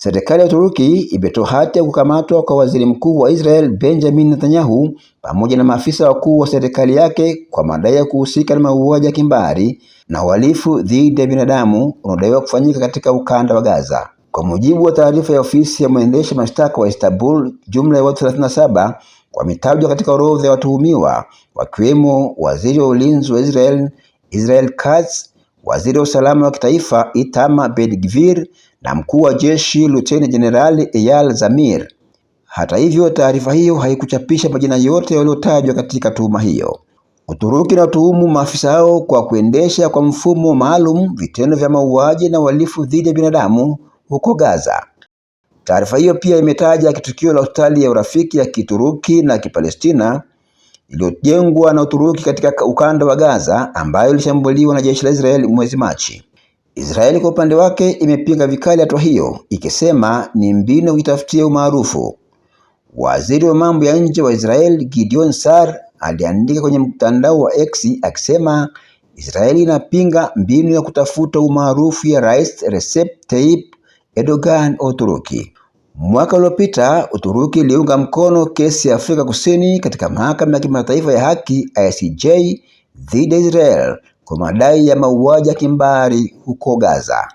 Serikali ya Uturuki imetoa hati ya kukamatwa kwa waziri mkuu wa Israel Benjamin Netanyahu pamoja na maafisa wakuu wa serikali yake kwa madai ya kuhusika na mauaji ya kimbari na uhalifu dhidi ya binadamu unaodaiwa kufanyika katika ukanda wa Gaza. Kwa mujibu wa taarifa ya ofisi ya mwendesha mashtaka wa Istanbul, jumla ya watu 37 wametajwa katika orodha ya watuhumiwa wakiwemo waziri wa ulinzi wa Israel Israel Katz waziri wa usalama wa kitaifa itama Ben-Gvir na mkuu wa jeshi luteni jenerali Eyal Zamir. Hata hivyo, taarifa hiyo haikuchapisha majina yote yaliyotajwa katika tuhuma hiyo. Uturuki inatuhumu maafisa hao kwa kuendesha kwa mfumo maalum vitendo vya mauaji na uhalifu dhidi ya binadamu huko Gaza. Taarifa hiyo pia imetaja kitukio la hospitali ya urafiki ya Kituruki na Kipalestina iliyojengwa na Uturuki katika ukanda wa Gaza ambayo ilishambuliwa na jeshi la Israeli mwezi Machi. Israeli kwa upande wake imepinga vikali hatua hiyo ikisema ni mbinu ya kujitafutia umaarufu. Waziri wa mambo ya nje wa Israeli Gideon Sar aliandika kwenye mtandao wa X akisema Israeli inapinga mbinu ya kutafuta umaarufu ya Rais Recep Tayyip Erdogan wa Uturuki. Mwaka uliopita Uturuki iliunga mkono kesi ya Afrika Kusini katika mahakama ya kimataifa ya haki ICJ dhidi ya Israel kwa madai ya mauaji ya kimbari huko Gaza.